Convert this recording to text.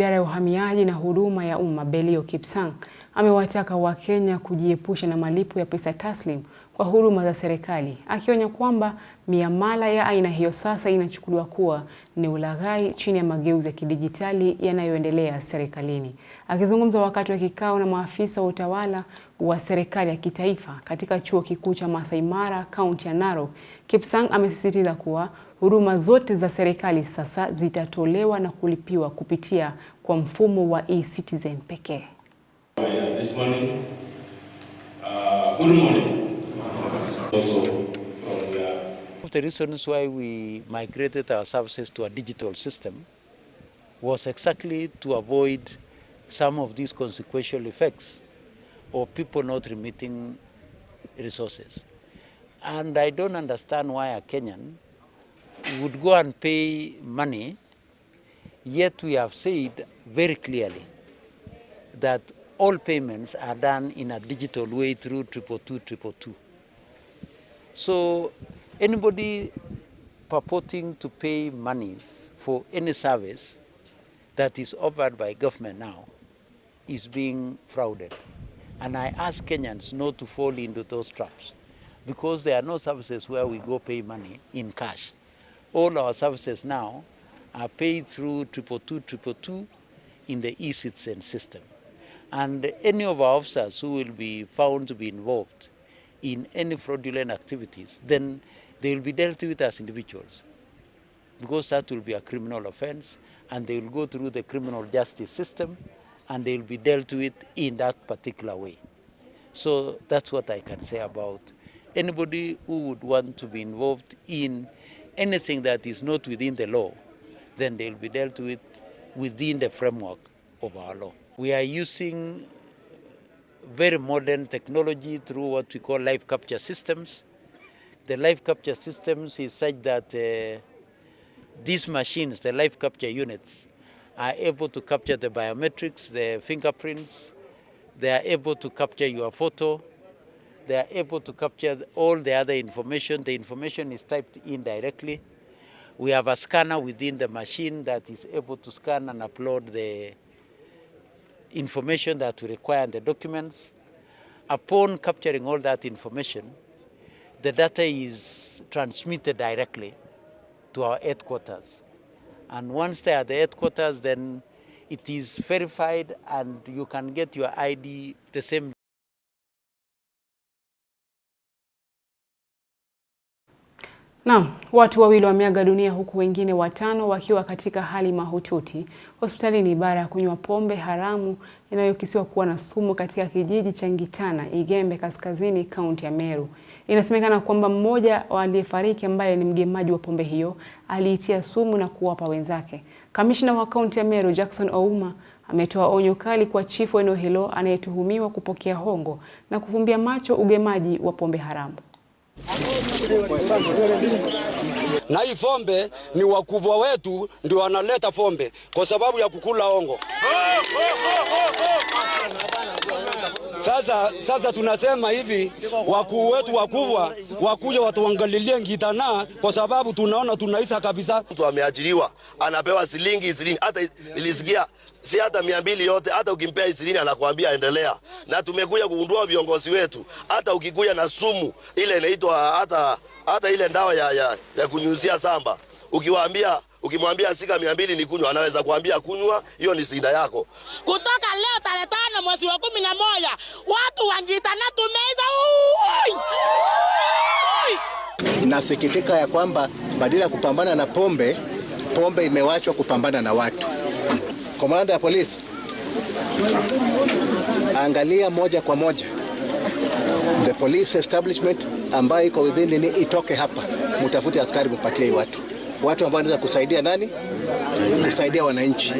Idara ya Uhamiaji na Huduma ya Umma Belio Kipsang amewataka Wakenya kujiepusha na malipo ya pesa taslim kwa huduma za serikali, akionya kwamba miamala ya aina hiyo sasa inachukuliwa kuwa ni ulaghai chini ya mageuzi ya kidijitali yanayoendelea serikalini. Akizungumza wakati wa kikao na maafisa wa utawala wa serikali ya kitaifa katika Chuo Kikuu cha Masai Mara, kaunti ya Narok, Kipsang amesisitiza kuwa huduma zote za serikali sasa zitatolewa na kulipiwa kupitia kwa mfumo wa e-Citizen pekee. This morning, uh, good morning. Um, One of the reasons why we migrated our services to a digital system was exactly to avoid some of these consequential effects of people not remitting resources. And I don't understand why a Kenyan would go and pay money, yet we have said very clearly that all payments are done in a digital way through Triple Two Triple Two. 222. So anybody purporting to pay monies for any service that is offered by government now is being frauded. And I ask Kenyans not to fall into those traps because there are no services where we go pay money in cash. All our services now are paid through triple two triple two in the e-citizen system. And any of our officers who will be found to be involved in any fraudulent activities, then they will be dealt with as individuals because that will be a criminal offense and they will go through the criminal justice system and they will be dealt with in that particular way. So that's what I can say about anybody who would want to be involved in anything that is not within the law, then they'll be dealt with within the framework of our law. We are using very modern technology through what we call live capture systems. The live capture systems is such that uh, these machines, the live capture units, are able to capture the biometrics, the fingerprints. They are able to capture your photo. They are able to capture all the other information. The information is typed in directly. We have a scanner within the machine that is able to scan and upload the information that we require in the documents. Upon capturing all that information, the data is transmitted directly to our headquarters. And once they are the headquarters, then it is verified and you can get your ID the same Naam, watu wawili wameaga dunia huku wengine watano wakiwa katika hali mahututi hospitalini baada ya kunywa pombe haramu inayokisiwa kuwa na sumu katika kijiji cha Ngitana, Igembe Kaskazini, kaunti ya Meru. Inasemekana kwamba mmoja aliyefariki ambaye ni mgemaji wa pombe hiyo aliitia sumu na kuwapa wenzake. Kamishna wa kaunti ya Meru, Jackson Ouma, ametoa onyo kali kwa chifu eneo hilo anayetuhumiwa kupokea hongo na kufumbia macho ugemaji wa pombe haramu na hii fombe ni wakubwa wetu ndio wanaleta fombe kwa sababu ya kukula ongo. Sasa, sasa tunasema hivi, wakuu wetu wakubwa wakuja watuangalilie Ngitana kwa sababu tunaona tunaisa kabisa. Mtu ameajiriwa anapewa shilingi ishirini, hata nilisikia si hata mia mbili yote, hata ukimpea ishirini anakuambia endelea. Na tumekuja kugundua viongozi wetu, hata ukikuja na sumu ile inaitwa hata, hata ile ndawa ya, ya, ya kunyunyizia samba ukiwaambia Ukimwambia sika mia mbili ni kunywa, anaweza kuambia kunywa, hiyo ni shida yako. Kutoka leo tarehe tano mwezi wa kumi na moja watu wangitana tumeza. Nasikitika ya kwamba badala ya kupambana na pombe, pombe imewachwa kupambana na watu. Komanda ya polisi, angalia moja kwa moja the police establishment ambayo iko within ni itoke hapa, mtafute askari, mpatie watu watu ambao wanaweza kusaidia nani, kusaidia wananchi.